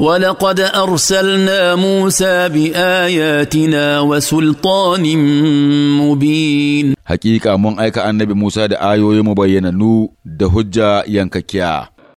ولقد ارسلنا موسى باياتنا وسلطان مبين حقيقه من ايك النبي موسى da ayoyin mu نو da hujja yankakkiya